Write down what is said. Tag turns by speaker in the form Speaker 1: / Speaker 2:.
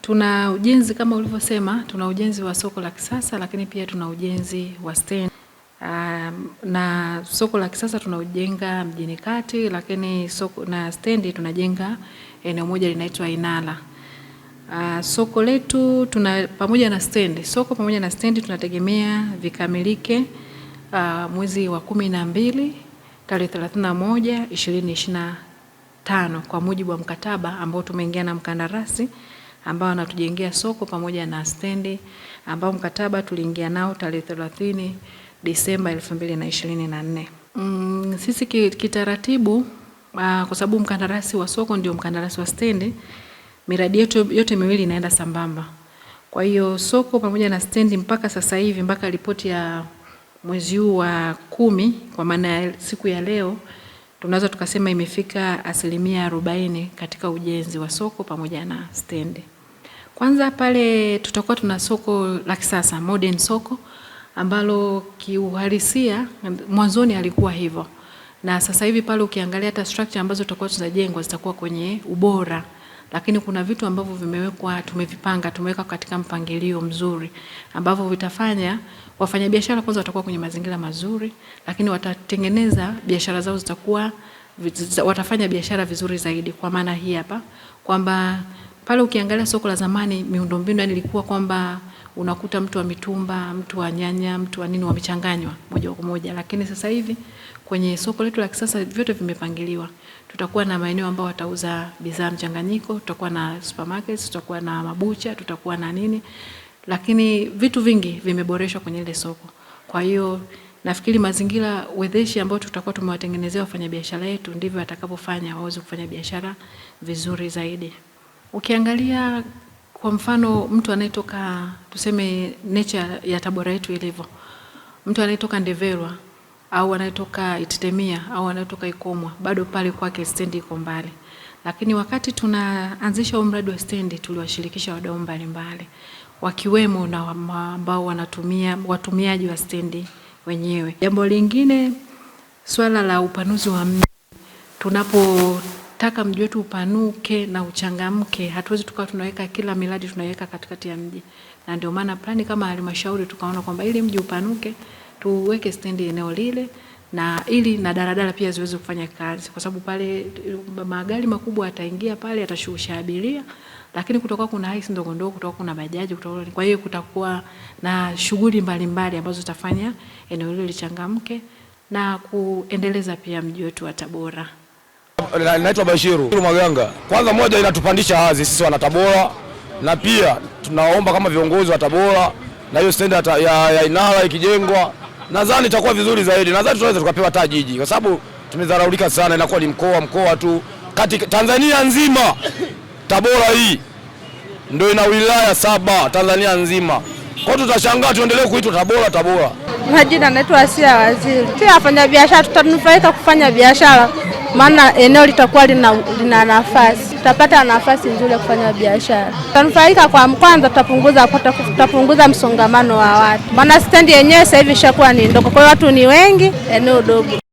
Speaker 1: Tuna ujenzi kama ulivyosema, tuna ujenzi wa soko la kisasa, lakini pia tuna ujenzi wa stendi um, na soko la kisasa tunaujenga mjini kati, lakini soko na stendi tunajenga eneo moja linaitwa Inala. Uh, soko letu tuna pamoja na stendi, soko pamoja na stendi tunategemea vikamilike uh, mwezi wa kumi na mbili tarehe 31 2025 kwa mujibu wa mkataba ambao tumeingia na mkandarasi ambao anatujengea soko pamoja na stendi ambao mkataba tuliingia nao tarehe 30 Disemba 2024. Mm, sisi kitaratibu uh, kwa sababu mkandarasi wa soko ndio mkandarasi wa stendi, miradi yetu yote miwili inaenda sambamba. Kwa hiyo soko pamoja na stendi mpaka sasa hivi mpaka ripoti ya mwezi huu wa kumi kwa maana ya siku ya leo tunaweza tukasema imefika asilimia arobaini katika ujenzi wa soko pamoja na stendi. Kwanza pale tutakuwa tuna soko la kisasa modern soko ambalo kiuhalisia mwanzoni alikuwa hivyo, na sasa hivi pale ukiangalia hata structure ambazo tutakuwa tunajengwa zitakuwa kwenye ubora, lakini kuna vitu ambavyo vimewekwa, tumevipanga, tumeweka katika mpangilio mzuri ambavyo vitafanya wafanyabiashara kwanza watakuwa kwenye mazingira mazuri, lakini watatengeneza biashara zao zitakuwa, watafanya biashara vizuri zaidi. Kwa maana hii hapa kwamba pale ukiangalia soko la zamani, miundombinu yani ilikuwa kwamba unakuta mtu wa mitumba, mtu wa nyanya, mtu wa nini wamechanganywa moja kwa moja, lakini sasa hivi kwenye soko letu la kisasa vyote vimepangiliwa. Tutakuwa na maeneo ambayo watauza bidhaa mchanganyiko, tutakuwa na supermarkets, tutakuwa na mabucha, tutakuwa na nini, lakini vitu vingi vimeboreshwa kwenye ile soko. Kwa hiyo nafikiri mazingira wezeshi ambayo tutakuwa tumewatengenezea wafanyabiashara wetu ndivyo watakavyofanya waweze kufanya biashara vizuri zaidi. Ukiangalia kwa mfano mtu anayetoka tuseme nature ya Tabora yetu ilivyo, mtu anayetoka Ndeverwa au anayetoka Itetemia au anayetoka Ikomwa, bado pale kwake stendi iko mbali, lakini wakati tunaanzisha huu mradi wa stendi tuliwashirikisha wadau mbalimbali wakiwemo na ambao wanatumia watumiaji wa stendi wenyewe. Jambo lingine, swala la upanuzi wa mji tunapo tunataka mji wetu upanuke na uchangamke. Hatuwezi tukawa tunaweka kila miradi tunaweka katikati ya mji, na ndio maana plani kama halmashauri tukaona kwamba ili mji upanuke tuweke stendi eneo lile na ili na daladala pia ziweze kufanya kazi, kwa sababu pale magari makubwa yataingia pale, yatashusha abiria, lakini kutakuwa kuna haisi ndogo ndogo, kutakuwa kuna bajaji, kutakuwa kwa hiyo kutakuwa na shughuli mbalimbali ambazo zitafanya eneo hilo lichangamke na kuendeleza pia mji wetu wa Tabora.
Speaker 2: Naitwa Bashiru Maganga. Kwanza moja, inatupandisha hadhi sisi wana Tabora, na pia tunaomba kama viongozi wa Tabora na hiyo stendi ya, ya Inara ikijengwa, nadhani itakuwa vizuri zaidi. Nadhani tunaweza tukapewa taji jiji, kwa sababu tumedharaulika sana, inakuwa ni mkoa mkoa tu kati Tanzania nzima. Tabora hii ndio ina wilaya saba Tanzania nzima, kwa tutashangaa tuendelee kuitwa Tabora Tabora.
Speaker 3: Majina naitwa Asia Waziri. Sisi biashara tutanufaika kufanya biashara maana eneo litakuwa lina, lina nafasi, tutapata nafasi nzuri ya kufanya biashara. Tutanufaika kwa kwanza, tutapunguza tutapunguza msongamano wa watu, maana stendi yenyewe sasa hivi ishakuwa ni ndogo, kwa hiyo watu ni wengi, eneo dogo.